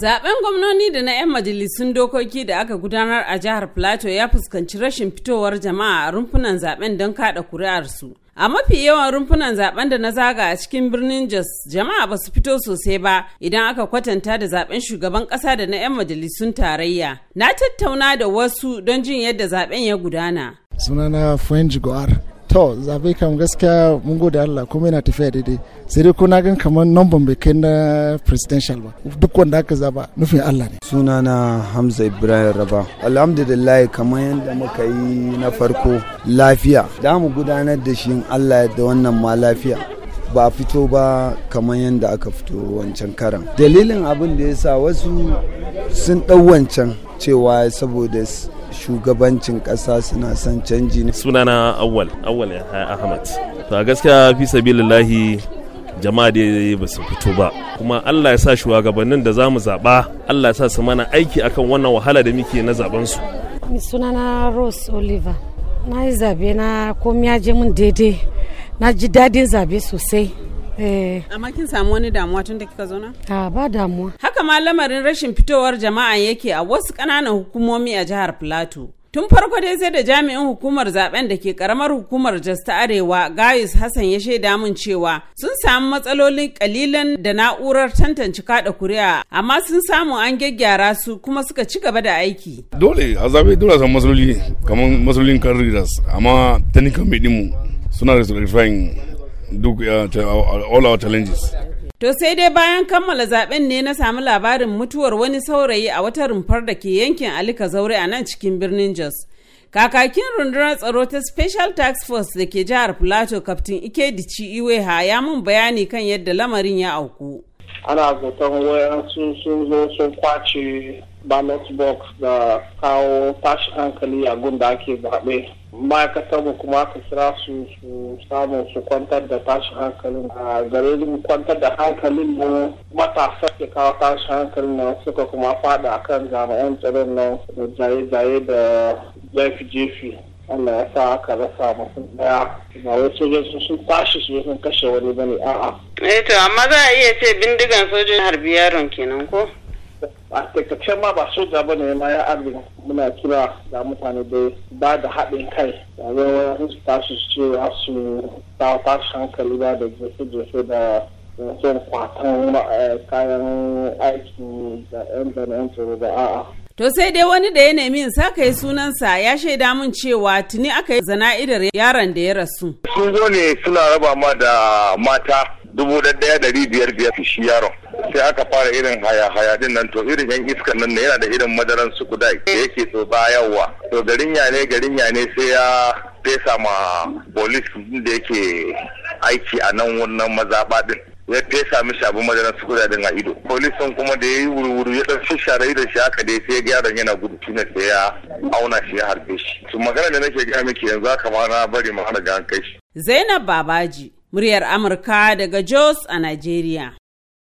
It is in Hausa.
Zaben gwamnoni da na 'yan majalisun dokoki da aka gudanar a jihar Plateau ya fuskanci rashin fitowar jama'a a rumfunan zaben don kada kuri'arsu. A mafi yawan rumfunan zaben da na zaga a cikin birnin Jos, jama'a ba su fito sosai ba idan aka kwatanta da zaben shugaban kasa da na 'yan majalisun tarayya. Na tattauna da wasu don jin yadda zaben ya gudana. Sunana Fuenji Goar. to zabe kam gaskiya mun gode Allah kuma yana tafiya daidai sai dai na gan kamar namban bai kai na presidential ba duk wanda aka zaba nufin Allah ne sunana Hamza Ibrahim Raba alhamdulillah kamar yadda muka yi na farko lafiya da mu gudanar da shi Allah da wannan ma lafiya ba fito ba kamar yadda aka fito wancan karan dalilin abin da ya sa wasu sun dau wancan cewa saboda shugabancin ƙasa suna son canji ne sunana awwal awwal ahmad to a gaskiya fi sabilillahi jama'a da ba su fito ba kuma Allah ya sa shugabannin da za mu zaɓa Allah ya sa su mana aiki akan wannan wahala da muke na zaben su sunana Rose Oliver na yi zabe na komi ya je mun daidai na ji dadin zabe sosai Eh. Amma kin samu wani damuwa tun da kika na. A ba damuwa. Haka ma lamarin rashin fitowar jama'a yake a wasu ƙananan hukumomi a jihar Plateau. Tun farko dai sai da jami'in hukumar zaben da ke karamar hukumar Jos ta Arewa Gayus Hassan ya shaida mun cewa sun samu matsalolin kalilan da na'urar tantance kada kuri'a amma sun samu an gyaggyara su kuma suka ci gaba da aiki. Dole a zabe dole san matsaloli kamar matsalolin kan readers amma technical mai suna da duk all our challenges To sai dai bayan kammala zaben ne na samu labarin mutuwar wani saurayi a wata rumfar da ke yankin Alika Zaure a nan cikin birnin Jos. Kakakin rundunar tsaro ta Special Task Force da ke jihar Plateau Captain Ikedici Iweha ya mun bayani kan yadda lamarin ya auku. Ana zaton wayan sun zo sun kwace ballot box da kawo tashi hankali a gun da ake zaɓe ma'aikatanmu kuma aka kira su su samu su kwantar da tashi hankalin a gare mu kwantar da hankalin mu matasa ke kawo tashi hankalin nan suka kuma a akan jami'an tsaron nan da zaye-zaye da jefi-jefi Allah ya sa aka rasa mutum daya ba wai sojoji sun tashi su sun kashe wani bane a'a. Eh to amma za a iya ce bindigan sojojin harbi yaron kenan ko? a taikace ma ba soja ba ne ma ya arziki muna kira da mutane da ba da haɗin kai da zai su tashi su ce ya su tashi hankali ba da jefe-jefe da yankin kwatan eh, kayan aiki da 'yan bane 'yan tsoro da a'a To sai dai wani da ya nemi sa ka yi sunansa ya shaida min cewa tuni aka yi zana'idar yaron da ya rasu. Sun zo ne suna raba ma da mata dubu ɗaya biyar biyar shi yaron. sai aka fara irin haya-haya din nan to irin yan iskan nan yana da irin madaran su da yake so bayarwa to garin ya ne garin ya ne sai ya fesa ma bolis da yake aiki a nan wannan mazaba din ya fesa mishi abin madaran su din a ido polisin kuma da ya yi wuri-wuri ya ɗan shishare da shi haka dai sai yaron yana gudu shine sai ya auna shi ya harbe shi to magana da nake gaya miki yanzu aka ma na bari ma har ga kai shi Zainab Babaji muryar Amurka daga Jos a nigeria.